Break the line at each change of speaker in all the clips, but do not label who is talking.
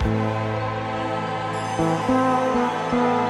Thank you.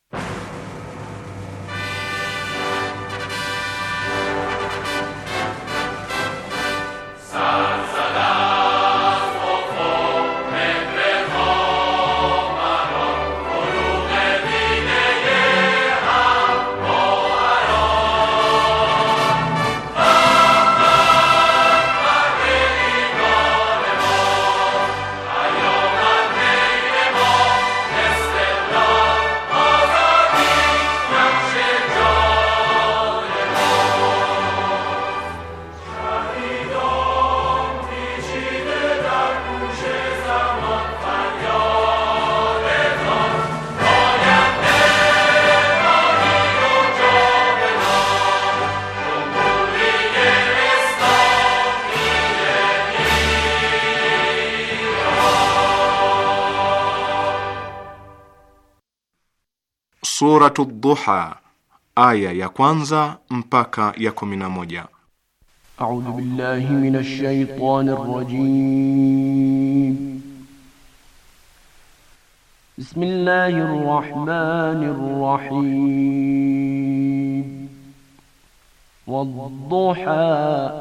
Suratu Dhuha aya ya kwanza mpaka ya kumi na moja.
A'udhu billahi minash shaitani rrajim. Bismillahir rahmanir rahim. Wadh-dhuha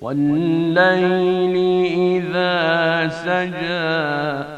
wal-layli idha saja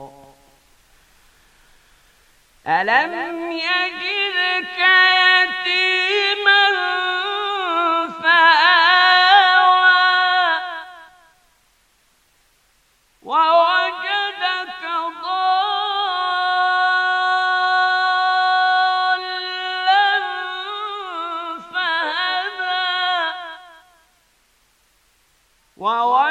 ألم يجدك يتيما فآوى ووجدك ضالا فهدى ووجدك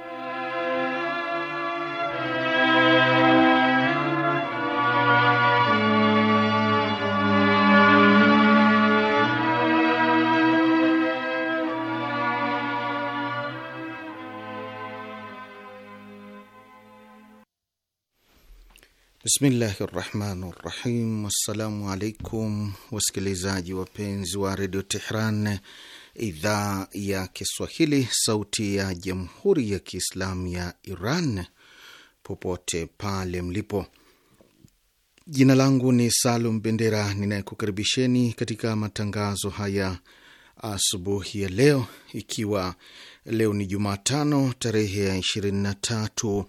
Bismillahi rahmani rahim. Wassalamu alaikum wasikilizaji wapenzi wa redio Tehran, idhaa ya Kiswahili, sauti ya jamhuri ya Kiislamu ya Iran, popote pale mlipo. Jina langu ni Salum Bendera ninayekukaribisheni katika matangazo haya asubuhi ya leo, ikiwa leo ni Jumatano tarehe ya tatu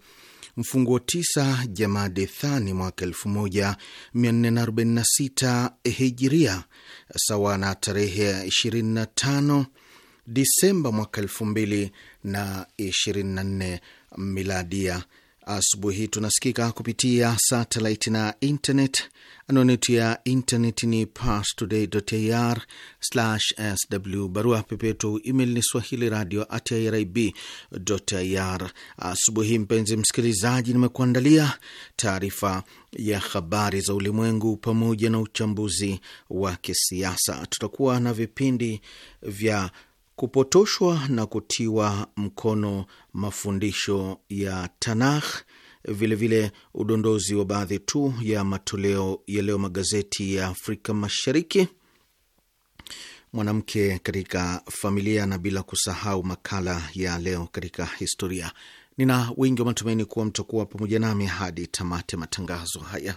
mfunguo tisa Jamadi Thani mwaka elfu moja mia nne na arobaini na sita Hijiria, sawa na tarehe ishirini na tano Disemba mwaka elfu mbili na ishirini na nne Miladia. Asubuhi tunasikika kupitia satelit na internet. Anwani ya internet ni parstoday.ir/sw, barua pepetu email ni swahili radio at irib.ir. Asubuhi mpenzi msikilizaji, nimekuandalia taarifa ya habari za ulimwengu pamoja na uchambuzi wa kisiasa. Tutakuwa na vipindi vya kupotoshwa na kutiwa mkono mafundisho ya Tanakh, vilevile udondozi wa baadhi tu ya matoleo ya leo magazeti ya Afrika Mashariki, mwanamke katika familia, na bila kusahau makala ya leo katika historia. Nina wingi wa matumaini kuwa mtakuwa pamoja nami hadi tamate matangazo haya.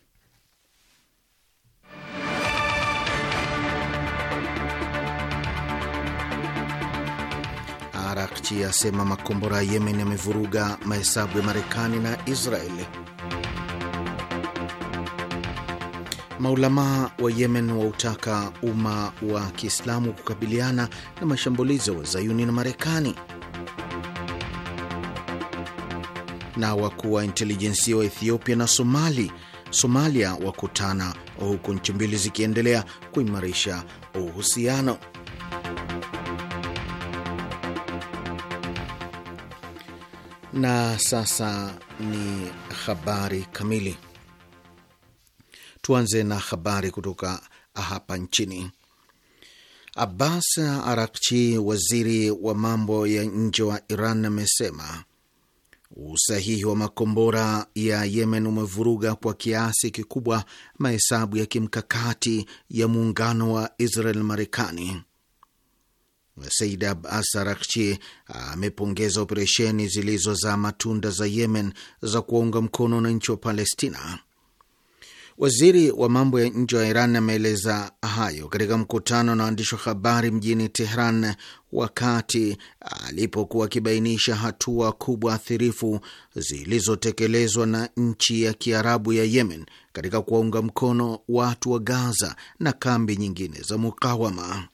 Arakchi asema makombora ya Yemen yamevuruga mahesabu ya Marekani na Israeli. Maulamaa wa Yemen wautaka umma wa Kiislamu kukabiliana na mashambulizi ya Wazayuni na Marekani. Na wakuu wa intelijensia wa Ethiopia na Somali, Somalia wakutana huku nchi mbili zikiendelea kuimarisha uhusiano. Na sasa ni habari kamili. Tuanze na habari kutoka hapa nchini. Abbas Arakchi, waziri wa mambo ya nje wa Iran, amesema usahihi wa makombora ya Yemen umevuruga kwa kiasi kikubwa mahesabu ya kimkakati ya muungano wa Israel Marekani. Said Abbas Arakchi amepongeza operesheni za matunda za Yemen za kuwaunga mkono wananchi wa Palestina. Waziri wa mambo ya nje wa Iran ameeleza hayo katika mkutano na waandishi wa habari mjini Tehran wakati alipokuwa akibainisha hatua kubwa athirifu zilizotekelezwa na nchi ya Kiarabu ya Yemen katika kuwaunga mkono watu wa Gaza na kambi nyingine za mukawama.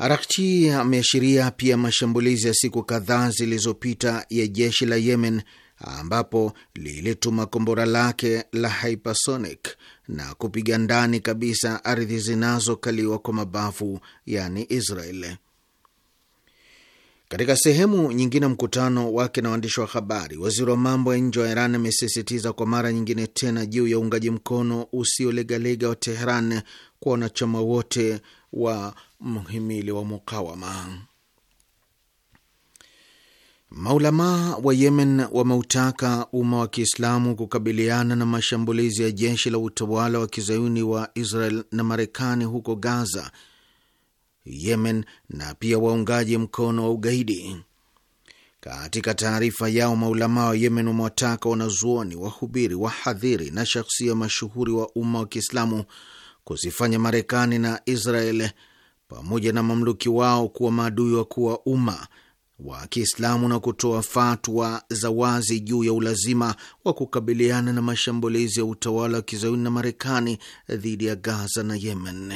Arakchi ameashiria pia mashambulizi ya siku kadhaa zilizopita ya jeshi la Yemen ambapo lilituma kombora lake la hypersonic na kupiga ndani kabisa ardhi zinazokaliwa kwa mabavu yani Israel. Katika sehemu nyingine mkutano wake na waandishi wa habari, waziri wa mambo ya nje wa Iran amesisitiza kwa mara nyingine tena juu ya uungaji mkono usiolegalega wa Teheran kwa wanachama wote wa mhimili wa mukawama. Maulamaa wa Yemen wameutaka umma wa Kiislamu kukabiliana na mashambulizi ya jeshi la utawala wa kizayuni wa Israel na Marekani huko Gaza, Yemen na pia waungaji mkono wa ugaidi. Katika taarifa yao, maulamaa wa Yemen wamewataka wanazuoni, wahubiri, wahadhiri na shakhsia mashuhuri wa umma wa Kiislamu kuzifanya Marekani na Israel pamoja na mamluki wao kuwa maadui wakuu wa umma wa Kiislamu na kutoa fatwa za wazi juu ya ulazima wa kukabiliana na mashambulizi ya utawala wa kizayuni na Marekani dhidi ya Gaza na Yemen.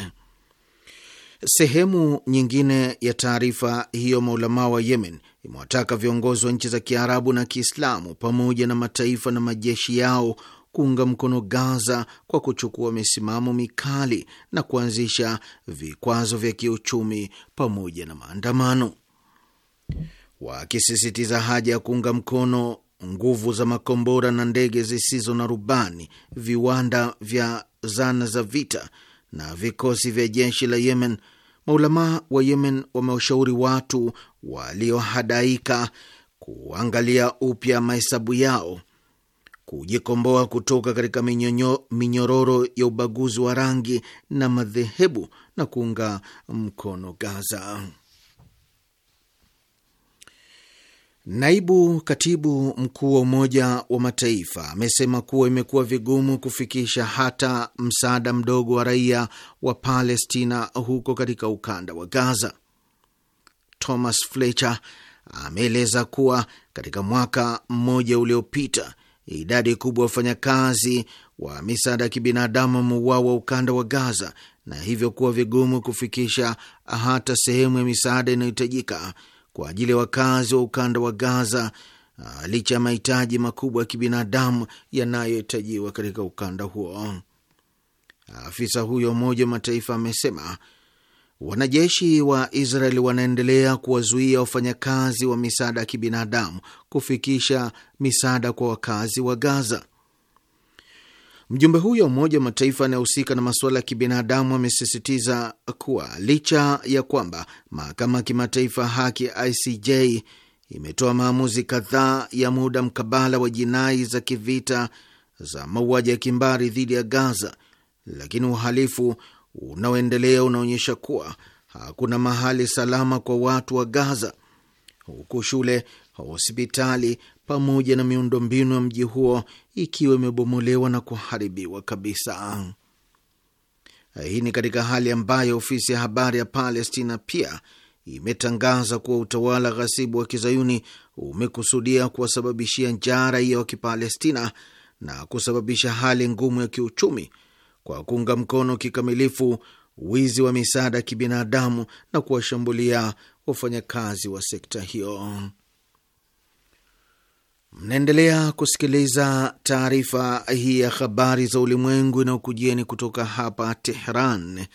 Sehemu nyingine ya taarifa hiyo, maulamaa wa Yemen imewataka viongozi wa nchi za Kiarabu na Kiislamu pamoja na mataifa na majeshi yao kuunga mkono Gaza kwa kuchukua misimamo mikali na kuanzisha vikwazo vya kiuchumi pamoja na maandamano, wakisisitiza haja ya kuunga mkono nguvu za makombora na ndege zisizo na rubani, viwanda vya zana za vita na vikosi vya jeshi la Yemen. Maulamaa wa Yemen wamewashauri watu waliohadaika kuangalia upya mahesabu yao kujikomboa kutoka katika minyonyo, minyororo ya ubaguzi wa rangi na madhehebu na kuunga mkono Gaza. Naibu katibu mkuu wa Umoja wa Mataifa amesema kuwa imekuwa vigumu kufikisha hata msaada mdogo wa raia wa Palestina huko katika ukanda wa Gaza. Thomas Fletcher ameeleza kuwa katika mwaka mmoja uliopita idadi kubwa ya wafanyakazi wa misaada ya kibinadamu wameuawa ukanda wa Gaza na hivyo kuwa vigumu kufikisha hata sehemu ya misaada inayohitajika kwa ajili ya wakazi wa ukanda wa Gaza ah, licha ya mahitaji makubwa ya kibinadamu yanayohitajiwa katika ukanda huo. Afisa huyo Umoja wa Mataifa amesema Wanajeshi wa Israeli wanaendelea kuwazuia wafanyakazi wa misaada ya kibinadamu kufikisha misaada kwa wakazi wa Gaza. Mjumbe huyo wa Umoja wa Mataifa anayehusika na masuala ya kibinadamu amesisitiza kuwa licha ya kwamba mahakama ya kimataifa haki ICJ imetoa maamuzi kadhaa ya muda mkabala wa jinai za kivita za mauaji ya kimbari dhidi ya Gaza, lakini uhalifu unaoendelea unaonyesha kuwa hakuna mahali salama kwa watu wa Gaza, huku shule, hospitali pamoja na miundombinu ya mji huo ikiwa imebomolewa na kuharibiwa kabisa. Hii ni katika hali ambayo ofisi ya habari ya Palestina pia imetangaza kuwa utawala ghasibu wa kizayuni umekusudia kuwasababishia njaa raia wa Kipalestina na kusababisha hali ngumu ya kiuchumi kwa kuunga mkono kikamilifu wizi wa misaada ya kibinadamu na kuwashambulia wafanyakazi wa sekta hiyo. Mnaendelea kusikiliza taarifa hii ya habari za ulimwengu inayokujieni kutoka hapa Tehran,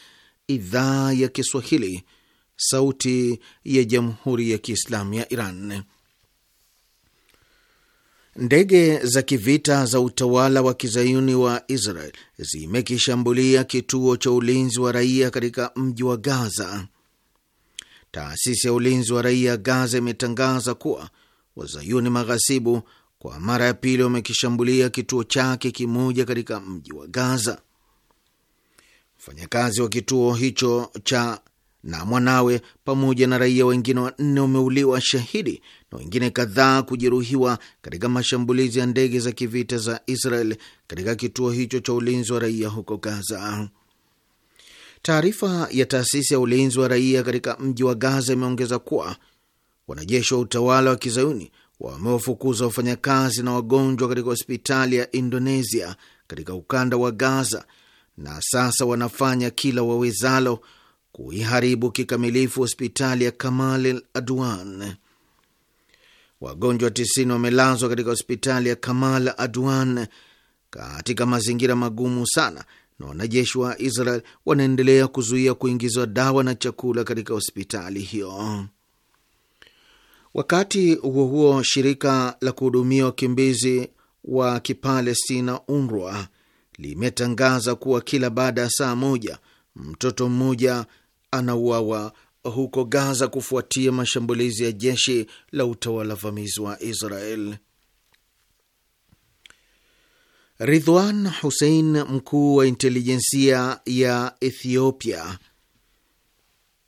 idhaa ya Kiswahili, sauti ya jamhuri ya kiislamu ya Iran. Ndege za kivita za utawala wa kizayuni wa Israel zimekishambulia kituo cha ulinzi wa raia katika mji wa Gaza. Taasisi ya ulinzi wa raia Gaza imetangaza kuwa wazayuni maghasibu kwa mara ya pili wamekishambulia kituo chake kimoja katika mji wa Gaza. Mfanyakazi wa kituo hicho cha na mwanawe pamoja na raia wengine wanne wameuliwa shahidi na wengine kadhaa kujeruhiwa katika mashambulizi ya ndege za kivita za Israel katika kituo hicho cha ulinzi wa raia huko Gaza. Taarifa ya taasisi ya ulinzi wa raia katika mji wa Gaza imeongeza kuwa wanajeshi wa utawala wa kizayuni wamewafukuza wafanyakazi na wagonjwa katika hospitali ya Indonesia katika ukanda wa Gaza na sasa wanafanya kila wawezalo kuiharibu kikamilifu hospitali ya Kamal Adwan. Wagonjwa 90 wamelazwa katika hospitali ya Kamal Adwan katika mazingira magumu sana, na wanajeshi wa Israel wanaendelea kuzuia kuingizwa dawa na chakula katika hospitali hiyo. Wakati huo huo, shirika la kuhudumia wakimbizi wa Kipalestina UNRWA limetangaza kuwa kila baada ya saa moja mtoto mmoja anauawa huko Gaza kufuatia mashambulizi ya jeshi la utawala vamizi wa Israel. Ridwan Hussein, mkuu wa intelijensia ya Ethiopia,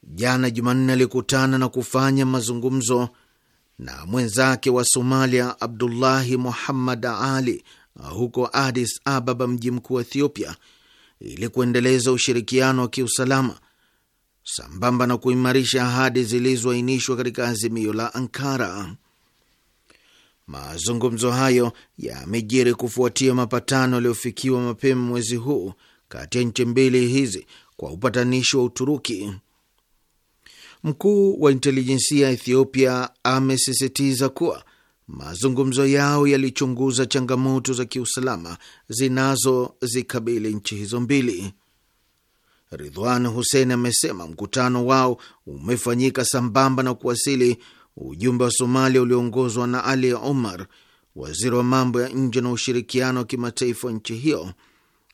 jana Jumanne alikutana na kufanya mazungumzo na mwenzake wa Somalia Abdullahi Muhammad Ali huko Addis Ababa, mji mkuu wa Ethiopia, ili kuendeleza ushirikiano wa kiusalama sambamba na kuimarisha ahadi zilizoainishwa katika azimio la Ankara. Mazungumzo hayo yamejiri kufuatia mapatano yaliyofikiwa mapema mwezi huu kati ya nchi mbili hizi kwa upatanishi wa Uturuki. Mkuu wa intelijensia ya Ethiopia amesisitiza kuwa mazungumzo yao yalichunguza changamoto za kiusalama zinazozikabili nchi hizo mbili. Ridwan Hussein amesema mkutano wao umefanyika sambamba na kuwasili ujumbe wa Somalia ulioongozwa na Ali Omar, waziri wa mambo ya nje na ushirikiano wa kimataifa wa nchi hiyo,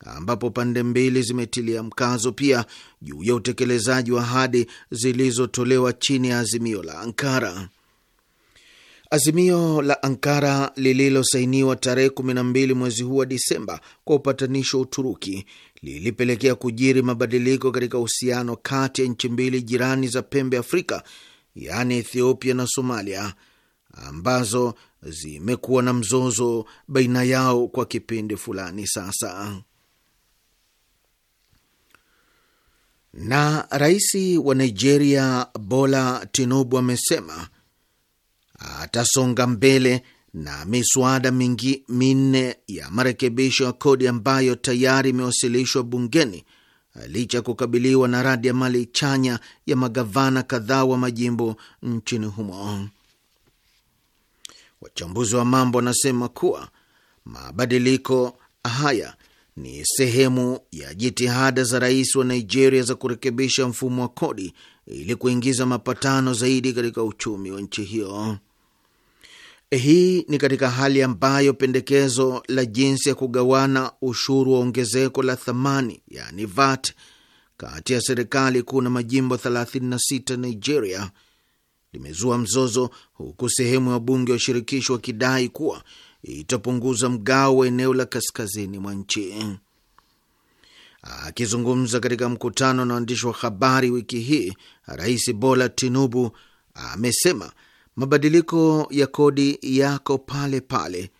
ambapo pande mbili zimetilia mkazo pia juu ya utekelezaji wa ahadi zilizotolewa chini ya azimio la Ankara. Azimio la Ankara lililosainiwa tarehe 12 mwezi huu wa Disemba kwa upatanishi wa Uturuki lilipelekea kujiri mabadiliko katika uhusiano kati ya nchi mbili jirani za pembe Afrika, yaani Ethiopia na Somalia, ambazo zimekuwa na mzozo baina yao kwa kipindi fulani sasa. Na rais wa Nigeria Bola Tinubu amesema atasonga mbele na miswada mingi minne ya marekebisho ya kodi ambayo tayari imewasilishwa bungeni licha ya kukabiliwa na radi ya mali chanya ya magavana kadhaa wa majimbo nchini humo. Wachambuzi wa mambo wanasema kuwa mabadiliko haya ni sehemu ya jitihada za rais wa Nigeria za kurekebisha mfumo wa kodi ili kuingiza mapatano zaidi katika uchumi wa nchi hiyo. Hii ni katika hali ambayo pendekezo la jinsi ya kugawana ushuru wa ongezeko la thamani yani VAT kati ya serikali kuu na majimbo 36 Nigeria limezua mzozo, huku sehemu ya bunge wa shirikisho wakidai kuwa itapunguza mgao wa eneo la kaskazini mwa nchi. Akizungumza katika mkutano na waandishi wa habari wiki hii, Rais Bola Tinubu amesema mabadiliko ya kodi yako pale pale.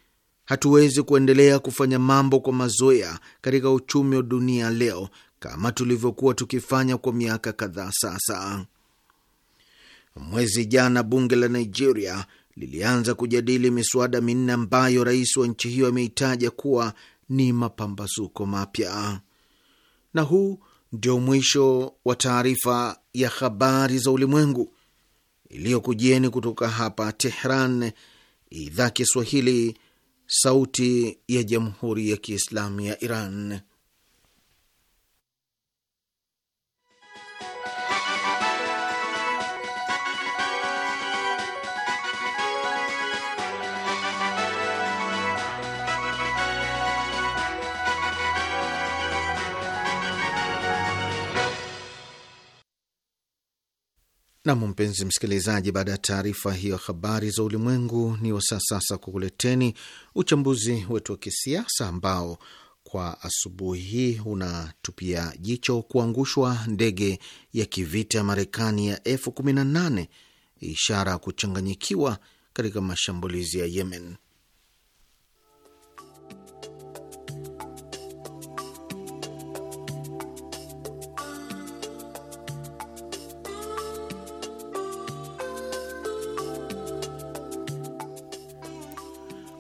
Hatuwezi kuendelea kufanya mambo kwa mazoea katika uchumi wa dunia leo kama tulivyokuwa tukifanya kwa miaka kadhaa sasa. Mwezi jana bunge la Nigeria lilianza kujadili miswada minne ambayo rais wa nchi hiyo ameitaja kuwa ni mapambazuko mapya. Na huu ndio mwisho wa taarifa ya habari za ulimwengu iliyokujieni kutoka hapa Tehran, idhaa Kiswahili, sauti ya jamhuri ya kiislamu ya Iran. Nam, mpenzi msikilizaji, baada ya taarifa hiyo habari za ulimwengu, ni wasaa sasa kukuleteni uchambuzi wetu wa kisiasa ambao kwa asubuhi hii unatupia jicho kuangushwa ndege ya kivita ya Marekani ya F-18, ishara ya kuchanganyikiwa katika mashambulizi ya Yemen.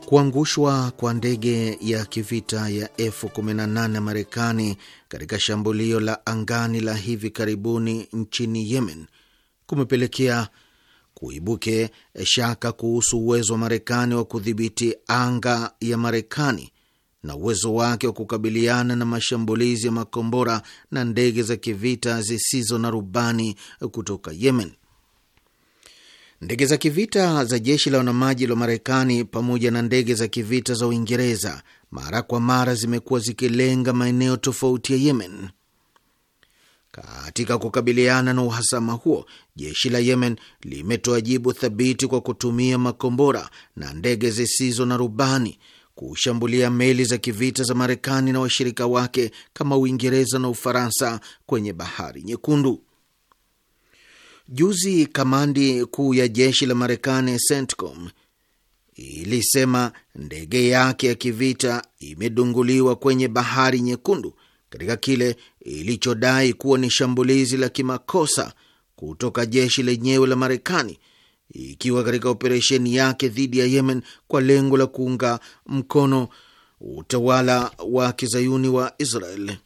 Kuangushwa kwa ndege ya kivita ya F-18 ya Marekani katika shambulio la angani la hivi karibuni nchini Yemen kumepelekea kuibuke shaka kuhusu uwezo wa Marekani wa kudhibiti anga ya Marekani na uwezo wake wa kukabiliana na mashambulizi ya makombora na ndege za kivita zisizo na rubani kutoka Yemen. Ndege za kivita za jeshi la wanamaji la Marekani pamoja na ndege za kivita za Uingereza mara kwa mara zimekuwa zikilenga maeneo tofauti ya Yemen. Katika kukabiliana na uhasama huo, jeshi la Yemen limetoa jibu thabiti kwa kutumia makombora na ndege zisizo na rubani kushambulia meli za kivita za Marekani na washirika wake kama Uingereza na Ufaransa kwenye Bahari Nyekundu. Juzi kamandi kuu ya jeshi la Marekani, CENTCOM, ilisema ndege yake ya kivita imedunguliwa kwenye Bahari Nyekundu katika kile ilichodai kuwa ni shambulizi la kimakosa kutoka jeshi lenyewe la Marekani, ikiwa katika operesheni yake dhidi ya Yemen kwa lengo la kuunga mkono utawala wa kizayuni wa Israel.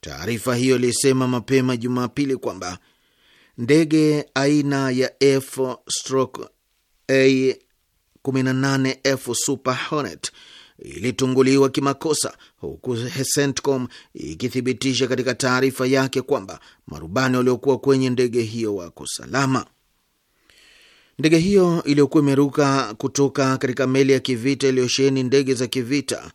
Taarifa hiyo ilisema mapema Jumapili kwamba ndege aina ya F stroke A 18F Super Hornet ilitunguliwa kimakosa, huku Centcom ikithibitisha katika taarifa yake kwamba marubani waliokuwa kwenye ndege hiyo wako salama. Ndege hiyo iliyokuwa imeruka kutoka katika meli ya kivita iliyosheheni ndege za kivita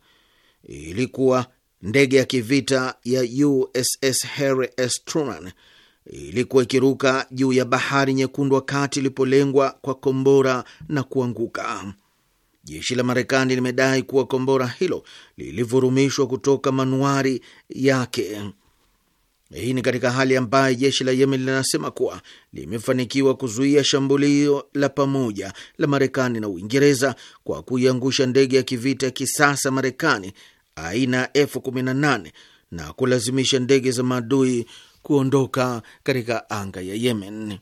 ilikuwa ndege ya kivita ya USS Harry S. Truman ilikuwa ikiruka juu ya bahari nyekundu wakati ilipolengwa kwa kombora na kuanguka. Jeshi la Marekani limedai kuwa kombora hilo lilivurumishwa kutoka manuari yake. Hii ni katika hali ambayo jeshi la Yemen linasema kuwa limefanikiwa kuzuia shambulio la pamoja la Marekani na Uingereza kwa kuiangusha ndege ya kivita ya kisasa Marekani aina ya F-18 na kulazimisha ndege za maadui kuondoka katika anga ya Yemen.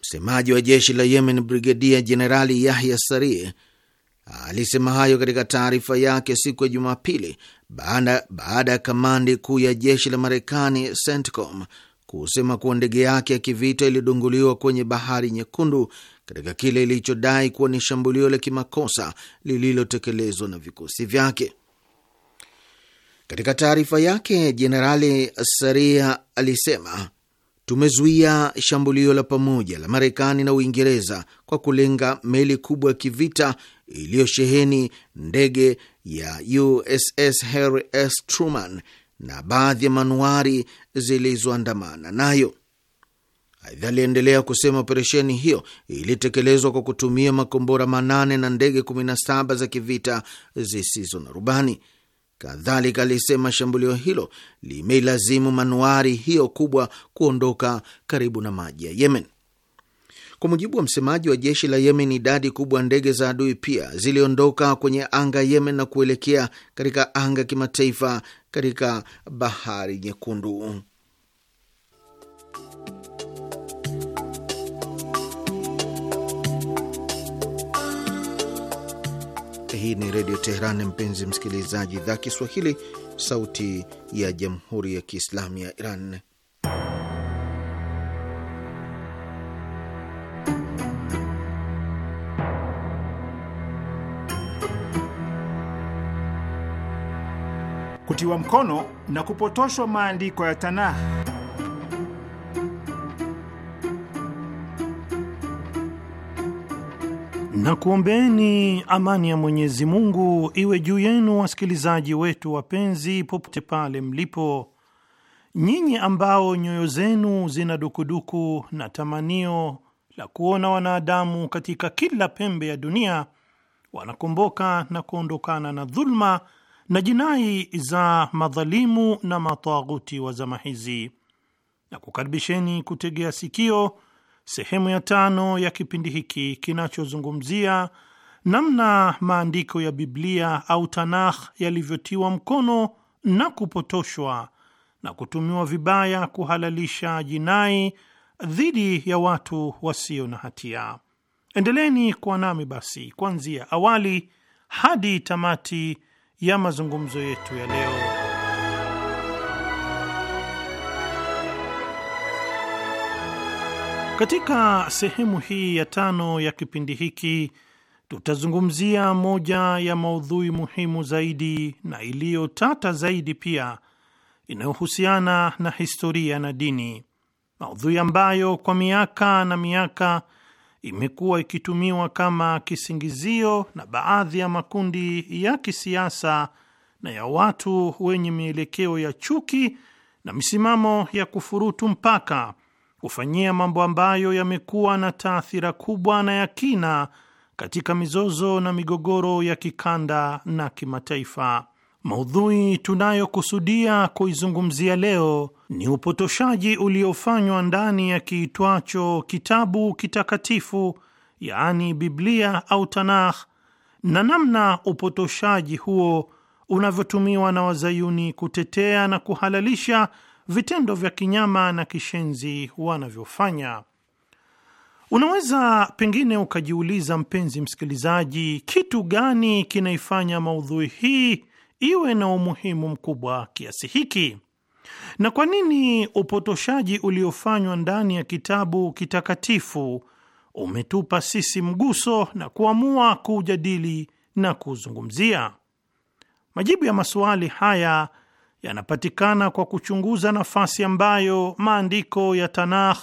Msemaji wa jeshi la Yemen, Brigedia Jenerali Yahya Sari alisema hayo katika taarifa yake siku ya Jumapili baada ya kamandi kuu ya jeshi la Marekani CENTCOM kusema kuwa ndege yake ya kivita ilidunguliwa kwenye Bahari Nyekundu katika kile ilichodai kuwa ni shambulio la kimakosa lililotekelezwa na vikosi vyake. Katika taarifa yake, Jenerali Saria alisema tumezuia shambulio la pamoja la Marekani na Uingereza kwa kulenga meli kubwa ya kivita iliyosheheni ndege ya USS Harry S. Truman na baadhi ya manuari zilizoandamana nayo. Aidha, aliendelea kusema operesheni hiyo ilitekelezwa kwa kutumia makombora manane na ndege 17 za kivita zisizo na rubani. Kadhalika alisema shambulio hilo limeilazimu manuari hiyo kubwa kuondoka karibu na maji ya Yemen. Kwa mujibu wa msemaji wa jeshi la Yemen, idadi kubwa ndege za adui pia ziliondoka kwenye anga Yemen na kuelekea katika anga kimataifa katika bahari Nyekundu. Hii ni Redio Teheran, mpenzi msikilizaji, idhaa Kiswahili, sauti ya jamhuri ya kiislamu ya Iran.
Kutiwa mkono na
kupotoshwa maandiko ya Tanakh. na kuombeni amani ya Mwenyezi Mungu iwe juu yenu, wasikilizaji wetu wapenzi, popote pale mlipo, nyinyi ambao nyoyo zenu zina dukuduku na tamanio la kuona wanadamu katika kila pembe ya dunia wanakomboka na kuondokana na dhulma na jinai za madhalimu na mataghuti wa zama hizi, na kukaribisheni kutegea sikio sehemu ya tano ya kipindi hiki kinachozungumzia namna maandiko ya Biblia au Tanakh yalivyotiwa mkono na kupotoshwa na kutumiwa vibaya kuhalalisha jinai dhidi ya watu wasio na hatia. endeleni kuwa nami basi kuanzia awali hadi tamati ya mazungumzo yetu ya leo. Katika sehemu hii ya tano ya kipindi hiki tutazungumzia moja ya maudhui muhimu zaidi na iliyotata zaidi pia inayohusiana na historia na dini, maudhui ambayo kwa miaka na miaka imekuwa ikitumiwa kama kisingizio na baadhi ya makundi ya kisiasa na ya watu wenye mielekeo ya chuki na misimamo ya kufurutu mpaka kufanyia mambo ambayo yamekuwa na taathira kubwa na ya kina katika mizozo na migogoro ya kikanda na kimataifa. Maudhui tunayokusudia kuizungumzia leo ni upotoshaji uliofanywa ndani ya kiitwacho kitabu kitakatifu, yaani Biblia au Tanakh, na namna upotoshaji huo unavyotumiwa na wazayuni kutetea na kuhalalisha vitendo vya kinyama na kishenzi wanavyofanya. Unaweza pengine ukajiuliza, mpenzi msikilizaji, kitu gani kinaifanya maudhui hii iwe na umuhimu mkubwa kiasi hiki, na kwa nini upotoshaji uliofanywa ndani ya kitabu kitakatifu umetupa sisi mguso na kuamua kuujadili na kuuzungumzia? Majibu ya masuali haya yanapatikana kwa kuchunguza nafasi ambayo maandiko ya Tanakh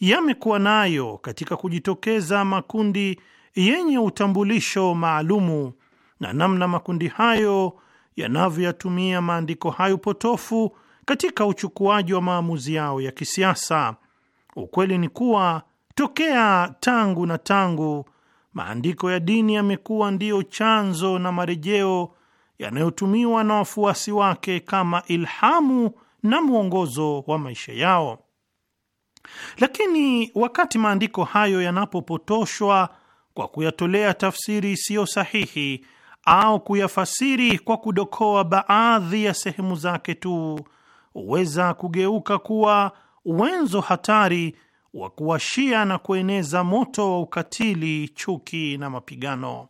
yamekuwa nayo katika kujitokeza makundi yenye utambulisho maalumu na namna makundi hayo yanavyoyatumia maandiko hayo potofu katika uchukuaji wa maamuzi yao ya kisiasa. Ukweli ni kuwa tokea tangu na tangu maandiko ya dini yamekuwa ndiyo chanzo na marejeo yanayotumiwa na wafuasi wake kama ilhamu na mwongozo wa maisha yao. Lakini wakati maandiko hayo yanapopotoshwa kwa kuyatolea tafsiri isiyo sahihi au kuyafasiri kwa kudokoa baadhi ya sehemu zake tu, huweza kugeuka kuwa wenzo hatari wa kuwashia na kueneza moto wa ukatili, chuki na mapigano.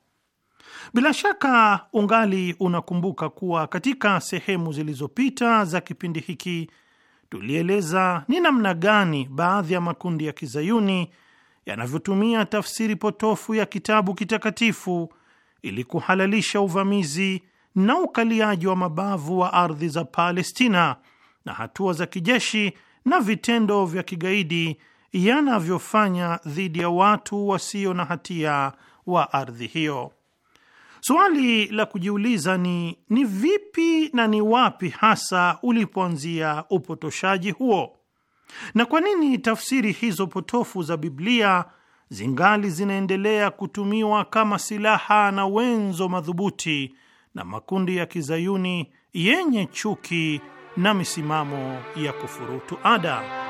Bila shaka ungali unakumbuka kuwa katika sehemu zilizopita za kipindi hiki tulieleza ni namna gani baadhi ya makundi ya kizayuni yanavyotumia tafsiri potofu ya kitabu kitakatifu ili kuhalalisha uvamizi na ukaliaji wa mabavu wa ardhi za Palestina na hatua za kijeshi na vitendo vya kigaidi yanavyofanya dhidi ya watu wasio na hatia wa ardhi hiyo. Suali la kujiuliza ni ni vipi na ni wapi hasa ulipoanzia upotoshaji huo, na kwa nini tafsiri hizo potofu za Biblia zingali zinaendelea kutumiwa kama silaha na wenzo madhubuti na makundi ya kizayuni yenye chuki na misimamo ya kufurutu ada.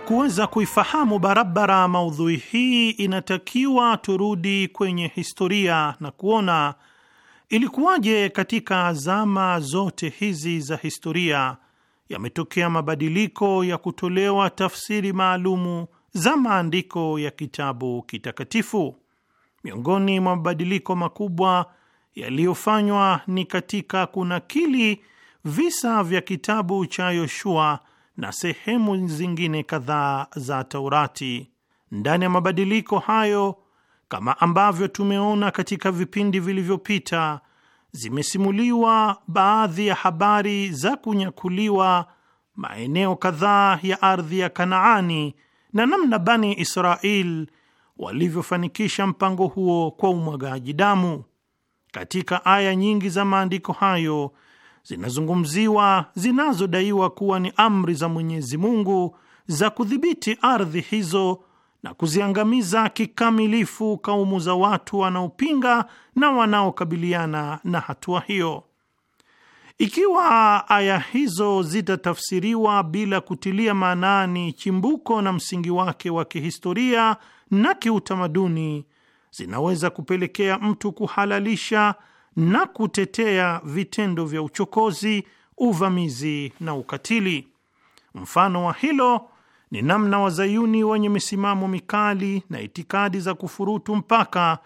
kuweza kuifahamu barabara maudhui hii, inatakiwa turudi kwenye historia na kuona ilikuwaje katika zama zote hizi za historia yametokea mabadiliko ya kutolewa tafsiri maalumu za maandiko ya kitabu kitakatifu. Miongoni mwa mabadiliko makubwa yaliyofanywa ni katika kunakili visa vya kitabu cha Yoshua na sehemu zingine kadhaa za Taurati. Ndani ya mabadiliko hayo, kama ambavyo tumeona katika vipindi vilivyopita, zimesimuliwa baadhi ya habari za kunyakuliwa maeneo kadhaa ya ardhi ya Kanaani na namna Bani Israel walivyofanikisha mpango huo kwa umwagaji damu. Katika aya nyingi za maandiko hayo zinazungumziwa zinazodaiwa kuwa ni amri za Mwenyezi Mungu za kudhibiti ardhi hizo na kuziangamiza kikamilifu kaumu za watu wanaopinga na wanaokabiliana na hatua hiyo. Ikiwa aya hizo zitatafsiriwa bila kutilia maanani chimbuko na msingi wake wa kihistoria na kiutamaduni, zinaweza kupelekea mtu kuhalalisha na kutetea vitendo vya uchokozi, uvamizi na ukatili. Mfano wa hilo ni namna wazayuni wenye misimamo mikali na itikadi za kufurutu mpaka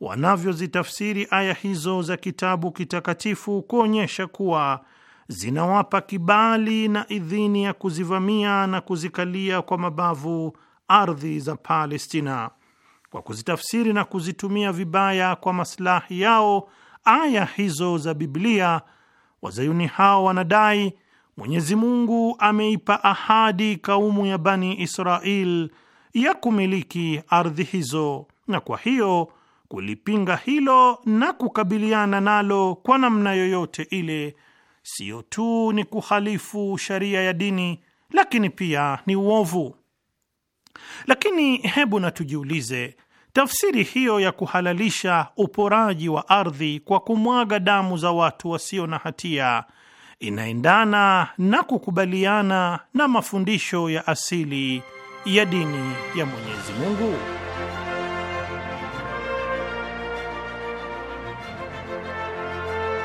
wanavyozitafsiri aya hizo za kitabu kitakatifu kuonyesha kuwa zinawapa kibali na idhini ya kuzivamia na kuzikalia kwa mabavu ardhi za Palestina kwa kuzitafsiri na kuzitumia vibaya kwa maslahi yao aya hizo za Biblia, wazayuni hao wanadai Mwenyezi Mungu ameipa ahadi kaumu ya Bani Israel ya kumiliki ardhi hizo, na kwa hiyo kulipinga hilo na kukabiliana nalo kwa namna yoyote ile, siyo tu ni kuhalifu sharia ya dini, lakini pia ni uovu. Lakini hebu na tujiulize Tafsiri hiyo ya kuhalalisha uporaji wa ardhi kwa kumwaga damu za watu wasio na hatia inaendana na kukubaliana na mafundisho ya asili ya dini ya Mwenyezi Mungu.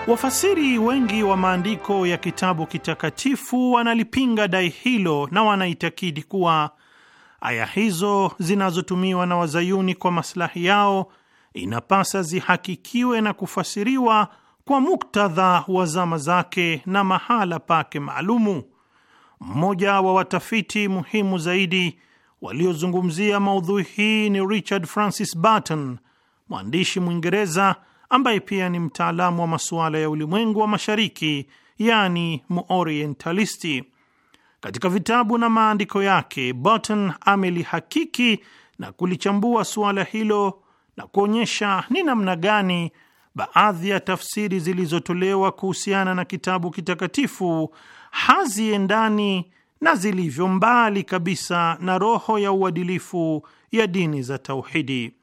Wafasiri wengi wa maandiko ya kitabu kitakatifu wanalipinga dai hilo na wanaitakidi kuwa aya hizo zinazotumiwa na wazayuni kwa maslahi yao inapasa zihakikiwe na kufasiriwa kwa muktadha wa zama zake na mahala pake maalumu. Mmoja wa watafiti muhimu zaidi waliozungumzia maudhui hii ni Richard Francis Burton, mwandishi Mwingereza ambaye pia ni mtaalamu wa masuala ya ulimwengu wa mashariki, yani muorientalisti. Katika vitabu na maandiko yake, Burton amelihakiki na kulichambua suala hilo na kuonyesha ni namna gani baadhi ya tafsiri zilizotolewa kuhusiana na kitabu kitakatifu haziendani na zilivyo mbali kabisa na roho ya uadilifu ya dini za tauhidi.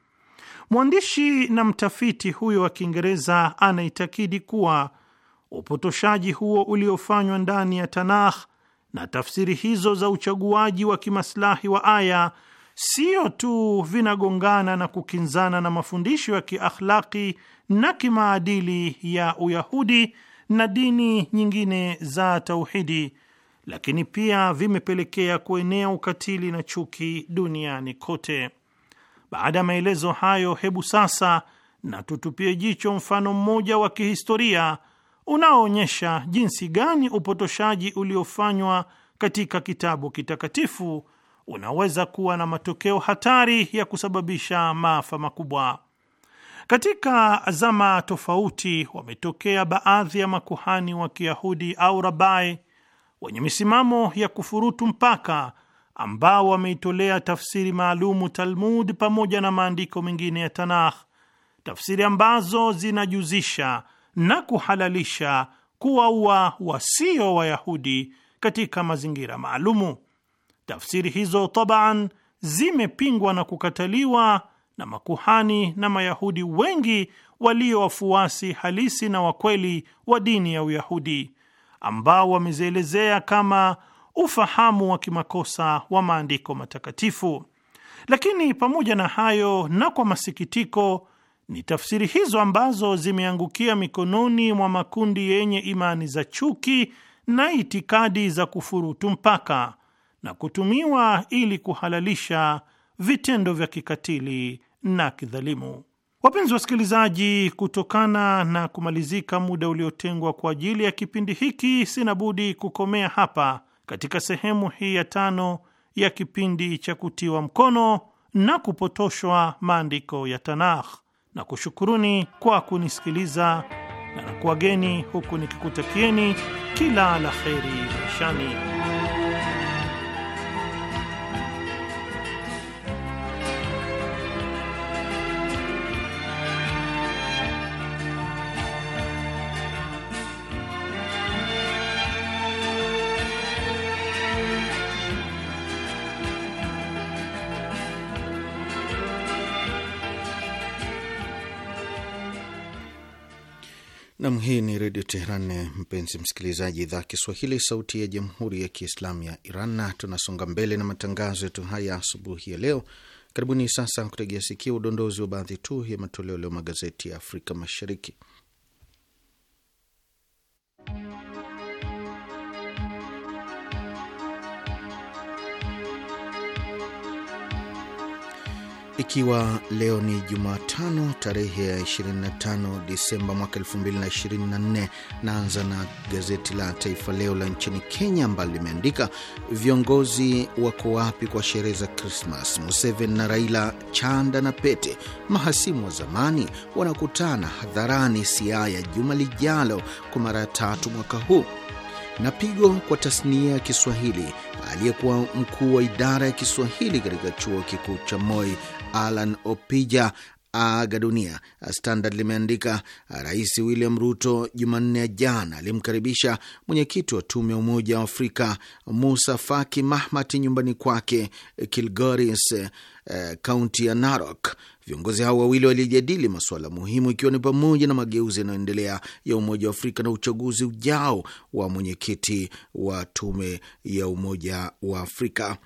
Mwandishi na mtafiti huyo wa Kiingereza anaitakidi kuwa upotoshaji huo uliofanywa ndani ya Tanakh na tafsiri hizo za uchaguaji wa kimaslahi wa aya sio tu vinagongana na kukinzana na mafundisho ya kiakhlaki na kimaadili ya Uyahudi na dini nyingine za tauhidi, lakini pia vimepelekea kuenea ukatili na chuki duniani kote. Baada ya maelezo hayo, hebu sasa na tutupie jicho mfano mmoja wa kihistoria unaoonyesha jinsi gani upotoshaji uliofanywa katika kitabu kitakatifu unaweza kuwa na matokeo hatari ya kusababisha maafa makubwa. Katika azama tofauti, wametokea baadhi ya makuhani wa Kiyahudi au rabai wenye misimamo ya kufurutu mpaka ambao wameitolea tafsiri maalumu Talmud pamoja na maandiko mengine ya Tanakh, tafsiri ambazo zinajuzisha na kuhalalisha kuwaua wasio Wayahudi katika mazingira maalumu. Tafsiri hizo taban zimepingwa na kukataliwa na makuhani na Mayahudi wengi walio wafuasi halisi na wakweli wa dini ya Uyahudi ambao wamezielezea kama ufahamu wa kimakosa wa maandiko matakatifu. Lakini pamoja na hayo, na kwa masikitiko ni tafsiri hizo ambazo zimeangukia mikononi mwa makundi yenye imani za chuki na itikadi za kufurutu mpaka na kutumiwa ili kuhalalisha vitendo vya kikatili na kidhalimu. Wapenzi wasikilizaji, kutokana na kumalizika muda uliotengwa kwa ajili ya kipindi hiki, sina budi kukomea hapa katika sehemu hii ya tano ya kipindi cha kutiwa mkono na kupotoshwa maandiko ya Tanakh na kushukuruni kwa kunisikiliza na nakuwageni huku nikikutakieni kila la kheri maishani.
Nam, hii ni Redio Teheran, mpenzi msikilizaji, idhaa Kiswahili, sauti ya jamhuri ya kiislamu ya Iran. na Tunasonga mbele na matangazo yetu haya asubuhi ya leo. Karibuni sasa kutegea sikia udondozi wa baadhi tu ya matoleo leo magazeti ya Afrika Mashariki. Ikiwa leo ni Jumatano tarehe ya 25 Disemba mwaka 2024, naanza na gazeti la Taifa Leo la nchini Kenya ambalo limeandika viongozi wako wapi kwa sherehe za Krismas? Museveni na Raila chanda na pete, mahasimu wa zamani wanakutana hadharani Siaya juma lijalo kwa mara ya tatu mwaka huu na pigo kwa tasnia ya Kiswahili aliyekuwa mkuu wa idara ya Kiswahili katika chuo kikuu cha Moi, Alan Opija aga dunia. Standard limeandika Rais William Ruto Jumanne ya jana alimkaribisha mwenyekiti wa tume ya Umoja wa Afrika Musa Faki Mahamat nyumbani kwake Kilgoris Eh, kaunti ya Narok. Viongozi hao wawili walijadili masuala muhimu, ikiwa ni pamoja na mageuzi yanayoendelea ya Umoja wa Afrika na uchaguzi ujao wa mwenyekiti wa Tume ya Umoja wa Afrika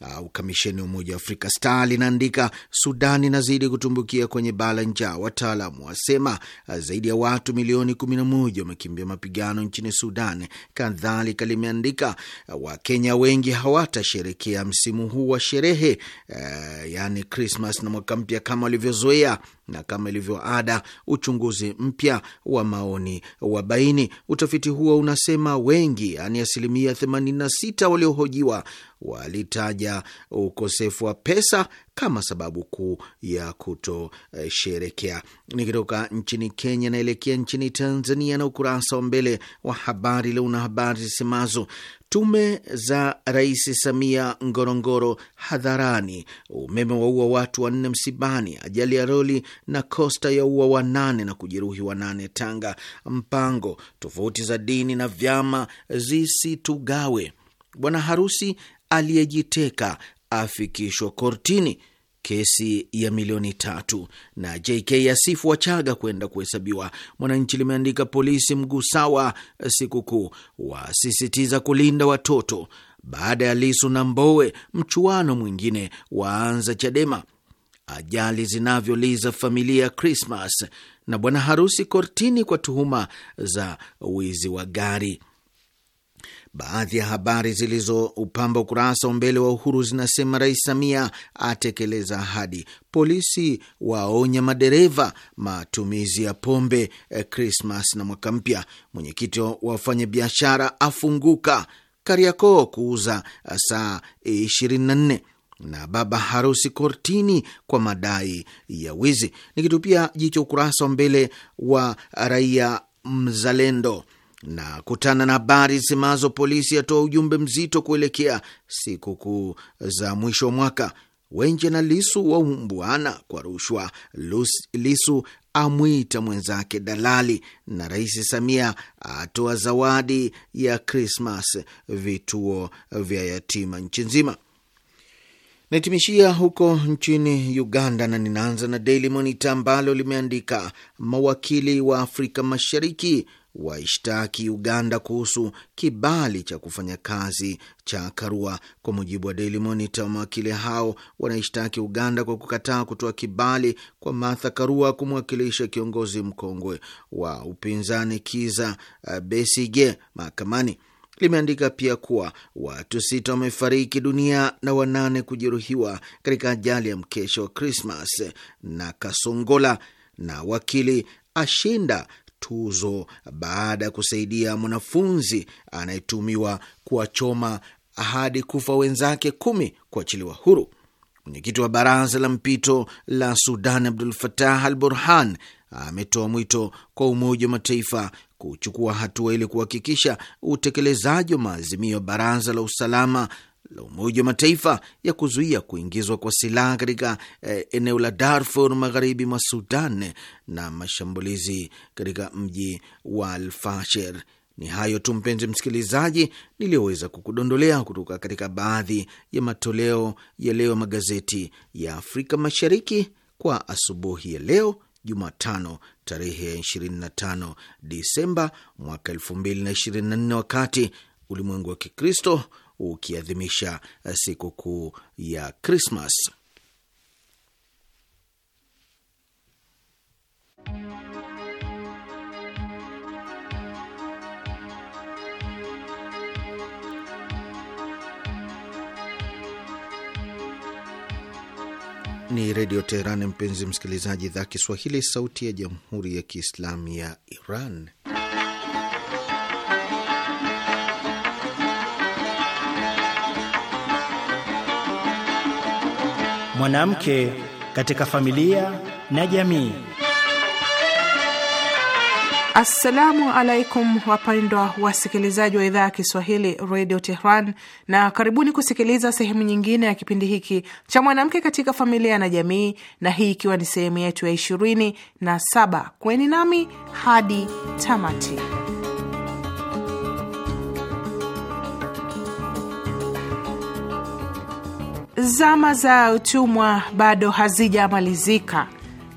au uh, kamisheni ya Umoja wa Afrika. Star linaandika Sudan inazidi kutumbukia kwenye bala njaa, wataalamu wasema uh, zaidi ya watu milioni 11 wamekimbia mapigano nchini Sudan. Kadhalika limeandika uh, Wakenya wengi hawatasherekea msimu huu wa sherehe, uh, yani Krismas na mwaka mpya kama walivyozoea na kama ilivyo ada, uchunguzi mpya wa maoni wa baini. Utafiti huo unasema wengi, yaani asilimia 86 waliohojiwa walitaja ukosefu wa pesa kama sababu kuu ya kutosherekea. Nikitoka nchini Kenya naelekea nchini Tanzania, na ukurasa wa mbele wa habari leo una habari zisemazo Tume za Rais Samia Ngorongoro hadharani. Umeme wa ua watu wanne msibani. Ajali ya roli na kosta ya ua wanane na kujeruhi wanane Tanga. Mpango tofauti za dini na vyama zisitugawe. Bwana harusi aliyejiteka afikishwa kortini kesi ya milioni tatu na JK asifu Wachaga kwenda kuhesabiwa. Mwananchi limeandika polisi mguu sawa sikukuu, wasisitiza kulinda watoto. Baada ya Lisu na Mbowe, mchuano mwingine waanza Chadema, ajali zinavyoliza familia ya Krismas, na bwana harusi kortini kwa tuhuma za wizi wa gari. Baadhi ya habari zilizoupamba ukurasa wa mbele wa Uhuru zinasema Rais Samia atekeleza ahadi, polisi waonya madereva, matumizi ya pombe Krismas eh, na mwaka mpya, mwenyekiti wa wafanyabiashara afunguka, Kariakoo kuuza eh, saa 24 na baba harusi kortini kwa madai ya wizi. Nikitupia jicho ukurasa wa mbele wa Raia Mzalendo na kutana na habari zisemazo polisi yatoa ujumbe mzito kuelekea sikukuu za mwisho wa mwaka. Wenje na Lisu waumbuana kwa rushwa. Lisu amwita mwenzake dalali, na Rais Samia atoa zawadi ya Krismas vituo vya yatima nchi nzima. Naitimishia huko nchini Uganda na ninaanza na Daily Monitor ambalo limeandika mawakili wa Afrika Mashariki waishtaki Uganda kuhusu kibali cha kufanya kazi cha Karua. Kwa mujibu wa Daily Monitor, mawakili hao wanaishtaki Uganda kwa kukataa kutoa kibali kwa Martha Karua kumwakilisha kiongozi mkongwe wa upinzani Kiza Besige mahakamani. Limeandika pia kuwa watu sita wamefariki dunia na wanane kujeruhiwa katika ajali ya mkesha wa Krismas na Kasongola, na wakili ashinda tuzo baada ya kusaidia mwanafunzi anayetumiwa kuwachoma hadi kufa wenzake kumi kuachiliwa huru. Mwenyekiti wa baraza la mpito la Sudan Abdul Fatah Al Burhan ametoa mwito kwa Umoja wa Mataifa kuchukua hatua ili kuhakikisha utekelezaji wa maazimio ya Baraza la Usalama la Umoja wa Mataifa ya kuzuia kuingizwa kwa silaha katika eh, eneo la Darfur magharibi mwa Sudan na mashambulizi katika mji wa Alfashir. Ni hayo tu mpenzi msikilizaji, niliyoweza kukudondolea kutoka katika baadhi ya matoleo ya leo magazeti ya Afrika Mashariki kwa asubuhi ya leo Jumatano tarehe 25 Disemba mwaka 2024 wakati ulimwengu wa Kikristo ukiadhimisha eh, sikukuu ya Krismas. Ni Redio Teheran, mpenzi msikilizaji, idhaa Kiswahili, sauti ya Jamhuri ya Kiislamu ya Iran.
mwanamke katika familia na jamii.
Assalamu alaikum wapendwa wasikilizaji wa idhaa ya Kiswahili redio Tehran, na karibuni kusikiliza sehemu nyingine ya kipindi hiki cha mwanamke katika familia na jamii, na hii ikiwa ni sehemu yetu ya ishirini na saba. Kweni nami hadi tamati. Zama za utumwa bado hazijamalizika.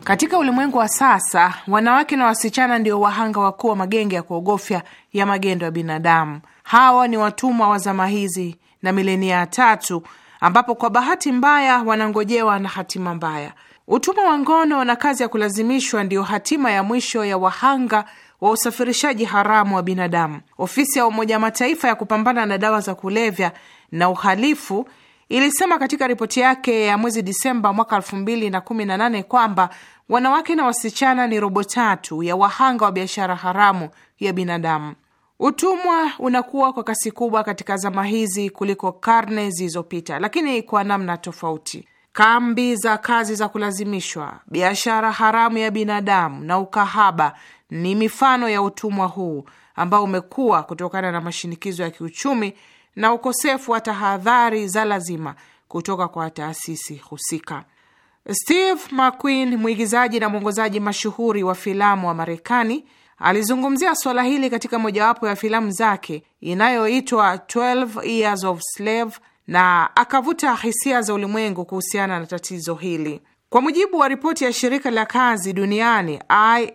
Katika ulimwengu wa sasa, wanawake na wasichana ndio wahanga wakuu wa magenge ya kuogofya ya magendo ya binadamu. Hawa ni watumwa wa zama hizi na milenia ya tatu, ambapo kwa bahati mbaya wanangojewa na hatima mbaya. Utumwa wa ngono na kazi ya kulazimishwa ndiyo hatima ya mwisho ya wahanga wa usafirishaji haramu wa binadamu. Ofisi ya Umoja Mataifa ya kupambana na dawa za kulevya na uhalifu ilisema katika ripoti yake ya mwezi Disemba mwaka 2018 kwamba wanawake na wasichana ni robo tatu ya wahanga wa biashara haramu ya binadamu. Utumwa unakuwa kwa kasi kubwa katika zama hizi kuliko karne zilizopita, lakini kwa namna tofauti. Kambi za kazi za kulazimishwa, biashara haramu ya binadamu na ukahaba ni mifano ya utumwa huu ambao umekuwa kutokana na mashinikizo ya kiuchumi na ukosefu wa tahadhari za lazima kutoka kwa taasisi husika. Steve McQueen, mwigizaji na mwongozaji mashuhuri wa filamu wa Marekani, alizungumzia suala hili katika mojawapo ya filamu zake inayoitwa 12 Years of Slave na akavuta hisia za ulimwengu kuhusiana na tatizo hili. Kwa mujibu wa ripoti ya shirika la kazi duniani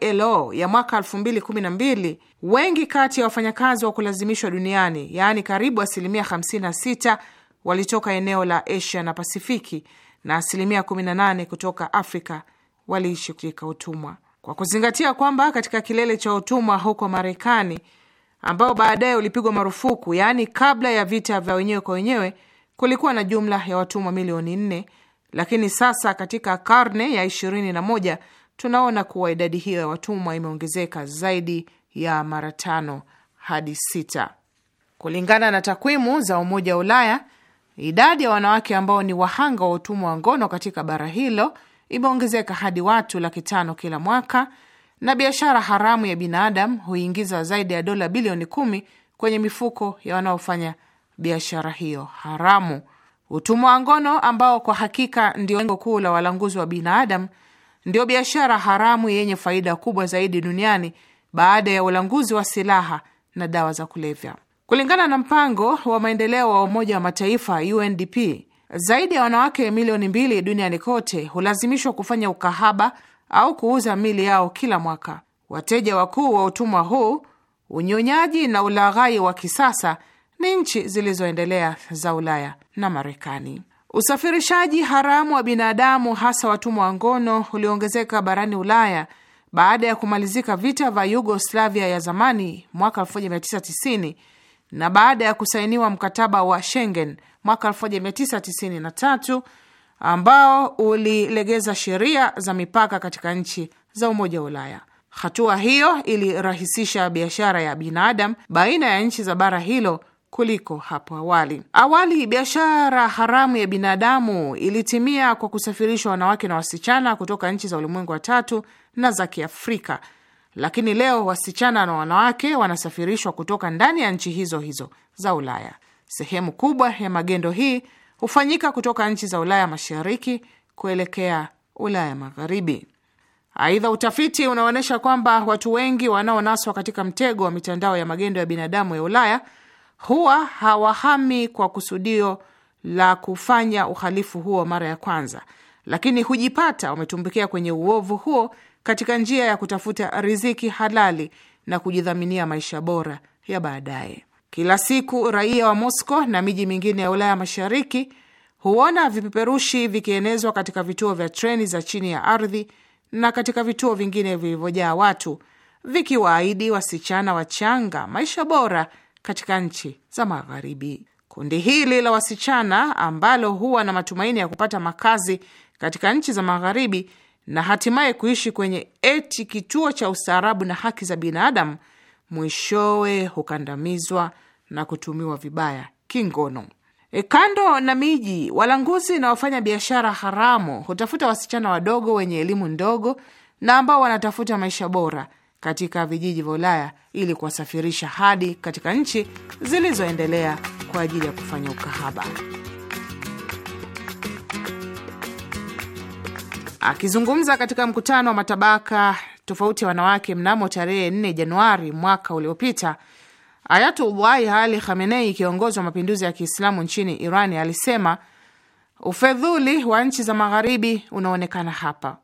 ILO ya mwaka 2012, wengi kati ya wafanyakazi wa kulazimishwa duniani, yaani karibu asilimia 56, walitoka eneo la Asia na Pasifiki na asilimia 18 kutoka Afrika waliishi katika utumwa. Kwa kuzingatia kwamba katika kilele cha utumwa huko Marekani ambao baadaye ulipigwa marufuku, yaani kabla ya vita vya wenyewe kwa wenyewe, kulikuwa na jumla ya watumwa milioni nne lakini sasa katika karne ya ishirini na moja tunaona kuwa idadi hiyo ya watumwa imeongezeka zaidi ya mara tano hadi sita. Kulingana na takwimu za Umoja wa Ulaya, idadi ya wanawake ambao ni wahanga wa utumwa wa ngono katika bara hilo imeongezeka hadi watu laki tano kila mwaka, na biashara haramu ya binadamu huingiza zaidi ya dola bilioni kumi kwenye mifuko ya wanaofanya biashara hiyo haramu utumwa wa ngono ambao kwa hakika ndio lengo kuu la walanguzi wa binadamu, ndio biashara haramu yenye faida kubwa zaidi duniani baada ya ulanguzi wa silaha na dawa za kulevya. Kulingana na mpango wa maendeleo wa Umoja wa Mataifa UNDP, zaidi ya wanawake milioni mbili duniani kote hulazimishwa kufanya ukahaba au kuuza mili yao kila mwaka. Wateja wakuu wa utumwa huu, unyonyaji na ulaghai wa kisasa ni nchi zilizoendelea za Ulaya na Marekani. Usafirishaji haramu wa binadamu, hasa watumwa wa ngono, ulioongezeka barani Ulaya baada ya kumalizika vita vya Yugoslavia ya zamani mwaka 1990 na baada ya kusainiwa mkataba wa Schengen mwaka 1993 ambao ulilegeza sheria za mipaka katika nchi za Umoja wa Ulaya. Hatua hiyo ilirahisisha biashara ya binadamu baina ya nchi za bara hilo kuliko hapo awali. Awali biashara haramu ya binadamu ilitimia kwa kusafirisha wanawake na wasichana kutoka nchi za ulimwengu wa tatu na za Kiafrika, lakini leo wasichana na wanawake wanasafirishwa kutoka ndani ya nchi hizo hizo za Ulaya. Sehemu kubwa ya magendo hii hufanyika kutoka nchi za Ulaya Mashariki kuelekea Ulaya Magharibi. Aidha, utafiti unaonyesha kwamba watu wengi wanaonaswa katika mtego wa mitandao ya magendo ya binadamu ya Ulaya huwa hawahami kwa kusudio la kufanya uhalifu huo mara ya kwanza, lakini hujipata wametumbukia kwenye uovu huo katika njia ya kutafuta riziki halali na kujidhaminia maisha bora ya baadaye. Kila siku raia wa Moscow na miji mingine ya Ulaya Mashariki huona vipeperushi vikienezwa katika vituo vya treni za chini ya ardhi na katika vituo vingine vilivyojaa watu, vikiwaahidi wasichana wachanga maisha bora katika nchi za Magharibi. Kundi hili la wasichana ambalo huwa na matumaini ya kupata makazi katika nchi za Magharibi na hatimaye kuishi kwenye eti kituo cha ustaarabu na haki za binadamu, mwishowe hukandamizwa na kutumiwa vibaya kingono. E, kando na miji, walanguzi na wafanya biashara haramu hutafuta wasichana wadogo wenye elimu ndogo na ambao wanatafuta maisha bora katika vijiji vya Ulaya ili kuwasafirisha hadi katika nchi zilizoendelea kwa ajili ya kufanya ukahaba. Akizungumza katika mkutano wa matabaka tofauti ya wanawake mnamo tarehe 4 Januari mwaka uliopita, Ayatullahi Ali Khamenei, kiongozi wa mapinduzi ya Kiislamu nchini Irani, alisema ufedhuli wa nchi za Magharibi unaonekana hapa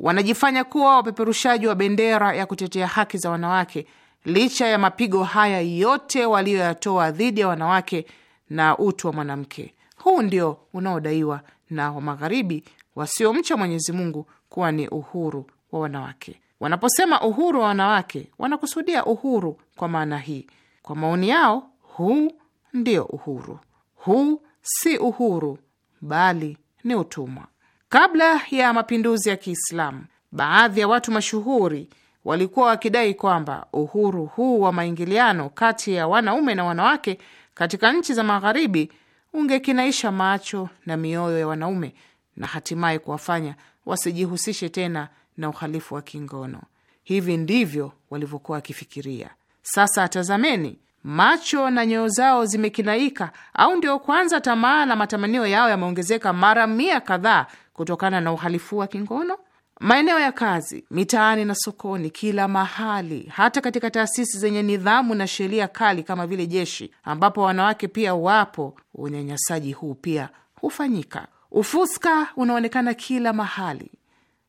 wanajifanya kuwa wapeperushaji wa bendera ya kutetea haki za wanawake licha ya mapigo haya yote waliyoyatoa dhidi ya wanawake na utu wa mwanamke. Huu ndio unaodaiwa na wa Magharibi wasiomcha Mwenyezi Mungu kuwa ni uhuru wa wanawake. Wanaposema uhuru wa wanawake, wanakusudia uhuru kwa maana hii. Kwa maoni yao, huu ndio uhuru. Huu si uhuru, bali ni utumwa. Kabla ya mapinduzi ya Kiislamu, baadhi ya watu mashuhuri walikuwa wakidai kwamba uhuru huu wa maingiliano kati ya wanaume na wanawake katika nchi za Magharibi ungekinaisha macho na mioyo ya wanaume na hatimaye kuwafanya wasijihusishe tena na uhalifu wa kingono. Hivi ndivyo walivyokuwa wakifikiria. Sasa atazameni, macho na nyoyo zao zimekinaika, au ndio kwanza tamaa na matamanio yao yameongezeka mara mia kadhaa kutokana na uhalifu wa kingono. Maeneo ya kazi, mitaani na sokoni, kila mahali, hata katika taasisi zenye nidhamu na sheria kali kama vile jeshi, ambapo wanawake pia wapo, unyanyasaji huu pia hufanyika. Ufuska unaonekana kila mahali.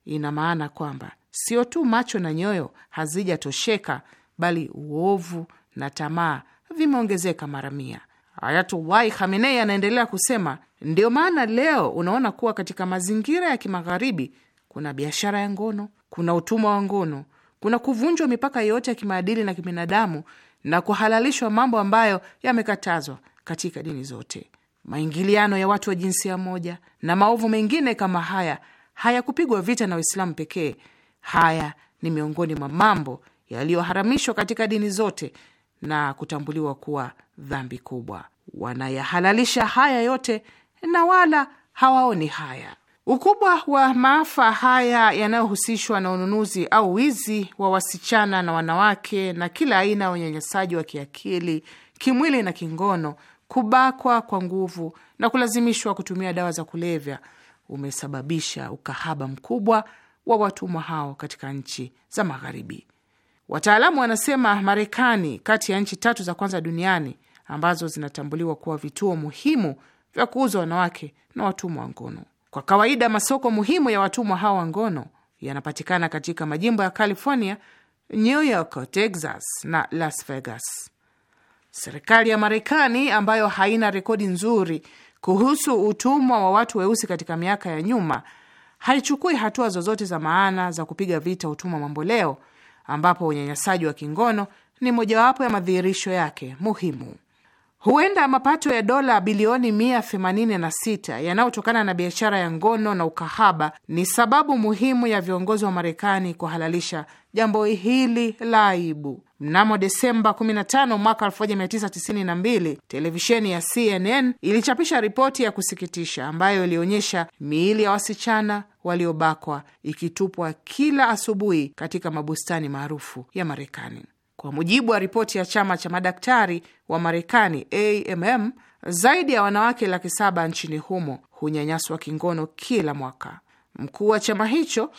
Ina maana kwamba sio tu macho na nyoyo hazijatosheka, bali uovu na tamaa vimeongezeka mara mia. Ayatollah Khamenei anaendelea kusema, ndio maana leo unaona kuwa katika mazingira ya kimagharibi kuna biashara ya ngono, kuna utumwa wa ngono, kuna kuvunjwa mipaka yote ya kimaadili na kibinadamu na kuhalalishwa mambo ambayo yamekatazwa katika dini zote. Maingiliano ya watu wa jinsia moja na maovu mengine kama haya hayakupigwa vita na Waislamu pekee. Haya ni miongoni mwa mambo yaliyoharamishwa katika dini zote na kutambuliwa kuwa dhambi kubwa. Wanayahalalisha haya yote na wala hawaoni haya. Ukubwa wa maafa haya yanayohusishwa na ununuzi au wizi wa wasichana na wanawake na kila aina ya unyanyasaji wa kiakili, kimwili na kingono, kubakwa kwa nguvu na kulazimishwa kutumia dawa za kulevya umesababisha ukahaba mkubwa wa watumwa hao katika nchi za Magharibi. Wataalamu wanasema Marekani, kati ya nchi tatu za kwanza duniani ambazo zinatambuliwa kuwa vituo muhimu vya kuuza wanawake na watumwa wa ngono. Kwa kawaida masoko muhimu ya watumwa hawa wa ngono yanapatikana katika majimbo ya California, New York, Texas na Las Vegas. Serikali ya Marekani ambayo haina rekodi nzuri kuhusu utumwa wa watu weusi katika miaka ya nyuma haichukui hatua zozote za maana za kupiga vita utumwa mamboleo, ambapo unyanyasaji wa kingono ni mojawapo ya madhihirisho yake muhimu. Huenda mapato ya dola bilioni 186 yanayotokana na biashara ya ngono na ukahaba ni sababu muhimu ya viongozi wa Marekani kuhalalisha jambo hili la aibu. Mnamo Desemba 15 mwaka 1992, televisheni ya CNN ilichapisha ripoti ya kusikitisha ambayo ilionyesha miili ya wasichana waliobakwa ikitupwa kila asubuhi katika mabustani maarufu ya Marekani. Kwa mujibu wa ripoti ya chama cha madaktari wa Marekani AMM, zaidi ya wanawake laki saba nchini humo hunyanyaswa kingono kila mwaka. Mkuu wa chama hicho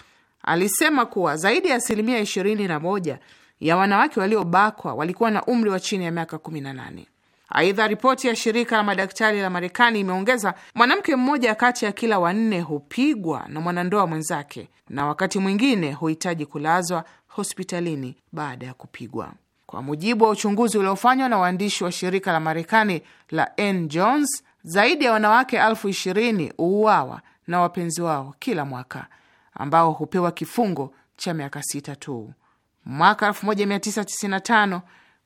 alisema kuwa zaidi ya asilimia 21 ya wanawake waliobakwa walikuwa na umri wa chini ya miaka 18. Aidha, ripoti ya shirika la madaktari la Marekani imeongeza, mwanamke mmoja kati ya kila wanne hupigwa na mwanandoa mwenzake na wakati mwingine huhitaji kulazwa hospitalini baada ya kupigwa. Kwa mujibu wa uchunguzi uliofanywa na waandishi wa shirika la Marekani la N Jones, zaidi ya wanawake elfu ishirini huuawa na wapenzi wao kila mwaka ambao hupewa kifungo cha miaka sita tu. Mwaka 1995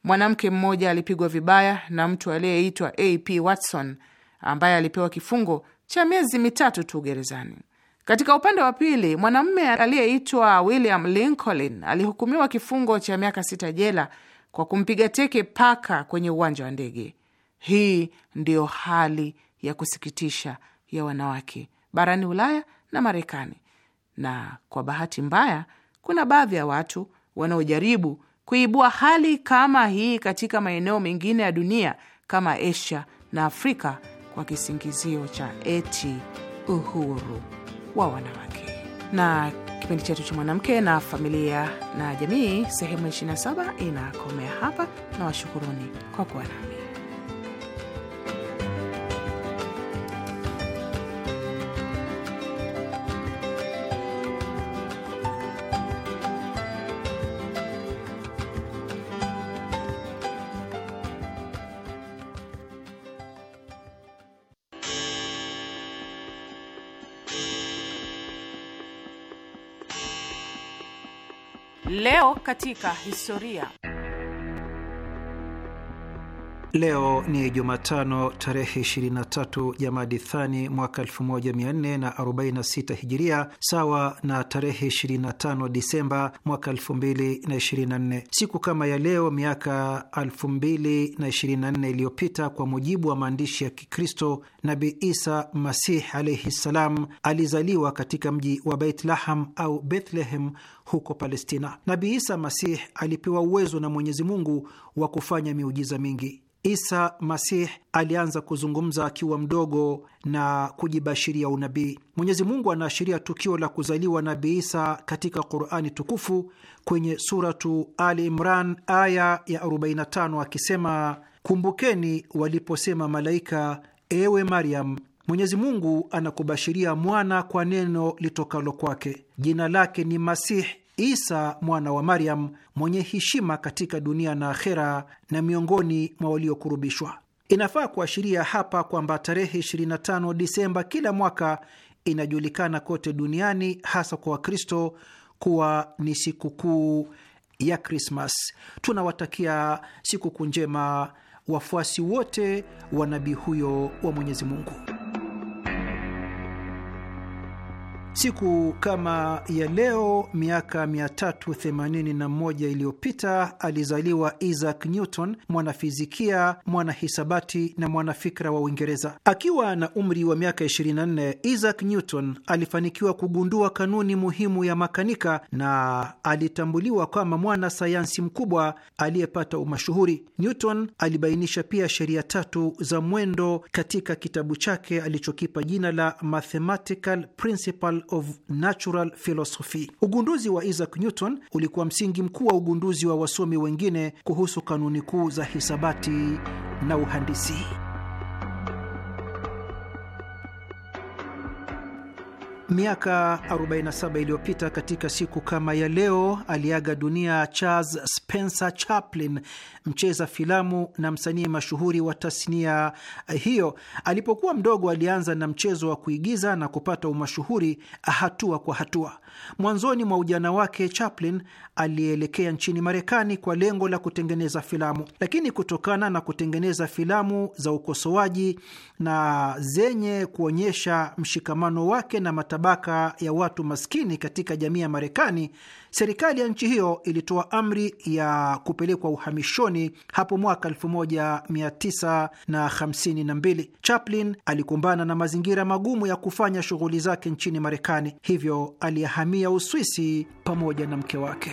mwanamke mmoja alipigwa vibaya na mtu aliyeitwa AP Watson ambaye alipewa kifungo cha miezi mitatu tu gerezani. Katika upande wa pili, mwanamume aliyeitwa William Lincoln alihukumiwa kifungo cha miaka sita jela kwa kumpiga teke paka kwenye uwanja wa ndege. Hii ndiyo hali ya kusikitisha ya wanawake barani Ulaya na Marekani, na kwa bahati mbaya kuna baadhi ya watu wanaojaribu kuibua hali kama hii katika maeneo mengine ya dunia kama Asia na Afrika kwa kisingizio cha eti uhuru wa wanawake na kipindi chetu cha mwanamke na familia na jamii sehemu ya 27 inakomea hapa, na washukuruni kwa kuwa nami. katika historia.
Leo ni Jumatano tarehe 23 Jamadi Thani mwaka 1446 Hijiria, sawa na tarehe 25 Disemba mwaka 2024. Siku kama ya leo miaka 2024 iliyopita, kwa mujibu wa maandishi ya Kikristo, Nabi Isa Masih alaihi ssalam alizaliwa katika mji wa beitlaham au Bethlehem huko Palestina. Nabi Isa Masih alipewa uwezo na Mwenyezi Mungu wa kufanya miujiza mingi. Isa Masih alianza kuzungumza akiwa mdogo na kujibashiria unabii. Mwenyezi Mungu anaashiria tukio la kuzaliwa Nabii Isa katika Qurani tukufu kwenye Suratu Ali Imran aya ya 45 akisema, kumbukeni waliposema malaika, ewe Maryam, Mwenyezi Mungu anakubashiria mwana kwa neno litokalo kwake, jina lake ni Masihi Isa mwana wa Maryam, mwenye heshima katika dunia na akhera na miongoni mwa waliokurubishwa. Inafaa kuashiria hapa kwamba tarehe 25 Disemba kila mwaka inajulikana kote duniani, hasa kwa Wakristo, kuwa ni sikukuu ya Krismas. Tunawatakia sikukuu njema wafuasi wote wa nabii huyo wa Mwenyezi Mungu. Siku kama ya leo miaka 381 iliyopita alizaliwa Isaac Newton, mwanafizikia, mwanahisabati na mwanafikra wa Uingereza. Akiwa na umri wa miaka 24, Isaac Newton alifanikiwa kugundua kanuni muhimu ya makanika na alitambuliwa kama mwana sayansi mkubwa aliyepata umashuhuri. Newton alibainisha pia sheria tatu za mwendo katika kitabu chake alichokipa jina la Mathematical Principle of Natural Philosophy. Ugunduzi wa Isaac Newton ulikuwa msingi mkuu wa ugunduzi wa wasomi wengine kuhusu kanuni kuu za hisabati na uhandisi. Miaka 47 iliyopita katika siku kama ya leo aliaga dunia Charles Spencer Chaplin, mcheza filamu na msanii mashuhuri wa tasnia hiyo. Alipokuwa mdogo, alianza na mchezo wa kuigiza na kupata umashuhuri hatua kwa hatua. Mwanzoni mwa ujana wake, Chaplin alielekea nchini Marekani kwa lengo la kutengeneza filamu, lakini kutokana na kutengeneza filamu za ukosoaji na zenye kuonyesha mshikamano wake na matabaka ya watu maskini katika jamii ya Marekani Serikali ya nchi hiyo ilitoa amri ya kupelekwa uhamishoni hapo mwaka 1952. Chaplin alikumbana na mazingira magumu ya kufanya shughuli zake nchini Marekani, hivyo alihamia Uswisi pamoja na mke wake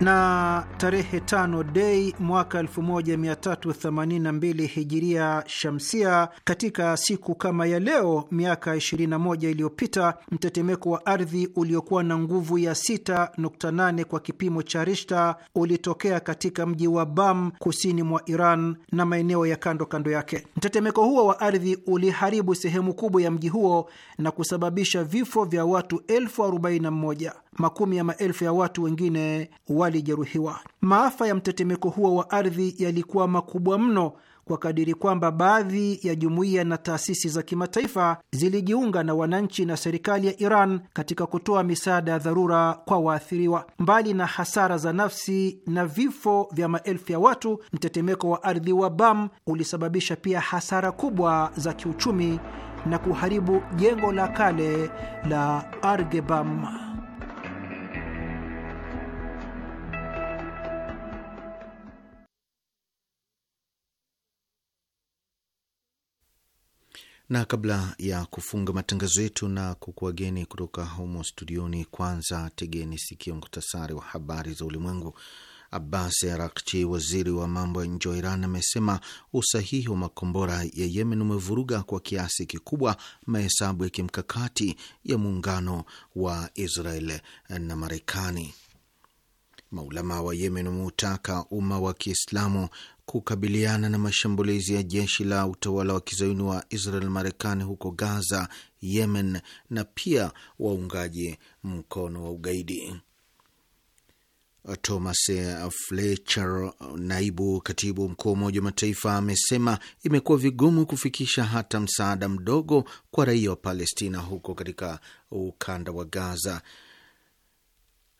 na tarehe tano Dei mwaka 1382 hijiria shamsia, katika siku kama ya leo miaka 21 iliyopita, mtetemeko wa ardhi uliokuwa na nguvu ya 6.8 kwa kipimo cha Rishta ulitokea katika mji wa Bam kusini mwa Iran na maeneo ya kando kando yake. Mtetemeko huo wa ardhi uliharibu sehemu kubwa ya mji huo na kusababisha vifo vya watu elfu arobaini na moja makumi ya maelfu ya watu wengine walijeruhiwa. Maafa ya mtetemeko huo wa ardhi yalikuwa makubwa mno kwa kadiri kwamba baadhi ya jumuiya na taasisi za kimataifa zilijiunga na wananchi na serikali ya Iran katika kutoa misaada ya dharura kwa waathiriwa. Mbali na hasara za nafsi na vifo vya maelfu ya watu, mtetemeko wa ardhi wa Bam ulisababisha pia hasara kubwa za kiuchumi na kuharibu jengo la kale la Argebam.
na kabla ya kufunga matangazo yetu na kukuwageni kutoka humo studioni, kwanza tegeni sikio muhtasari wa habari za ulimwengu. Abbas Arakchi, waziri wa mambo ya nje wa Iran, amesema usahihi wa makombora ya Yemen umevuruga kwa kiasi kikubwa mahesabu ya kimkakati ya muungano wa Israel na Marekani. Maulama wa Yemen wameutaka umma wa Kiislamu kukabiliana na mashambulizi ya jeshi la utawala wa kizayuni wa Israel, Marekani huko Gaza, Yemen na pia waungaji mkono wa ugaidi. Thomas Fletcher, naibu katibu mkuu wa Umoja wa Mataifa, amesema imekuwa vigumu kufikisha hata msaada mdogo kwa raia wa Palestina huko katika ukanda wa Gaza.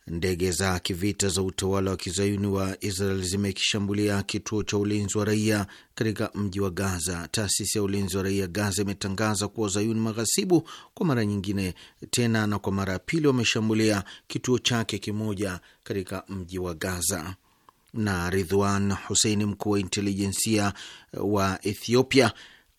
Ndege za kivita za utawala wa kizayuni wa Israel zimekishambulia kituo cha ulinzi wa raia katika mji wa Gaza. Taasisi ya ulinzi wa raia Gaza imetangaza kuwa zayuni maghasibu kwa mara nyingine tena na kwa mara ya pili wameshambulia kituo chake kimoja katika mji wa Gaza. Na Ridhwan Huseini, mkuu wa intelijensia wa Ethiopia,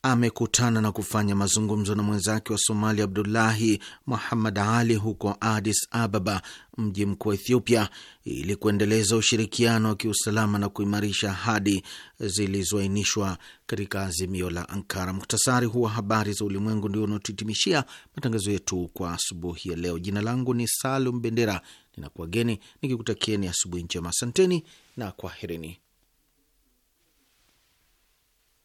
amekutana na kufanya mazungumzo na mwenzake wa Somalia Abdullahi Muhammad Ali huko Addis Ababa, mji mkuu wa Ethiopia, ili kuendeleza ushirikiano wa kiusalama na kuimarisha ahadi zilizoainishwa katika azimio la Ankara. Muktasari huu wa habari za ulimwengu ndio unaotitimishia matangazo yetu kwa asubuhi ya leo. Jina langu ni Salum Bendera, ninakuwageni nikikutakieni asubuhi njema. Asanteni na kwaherini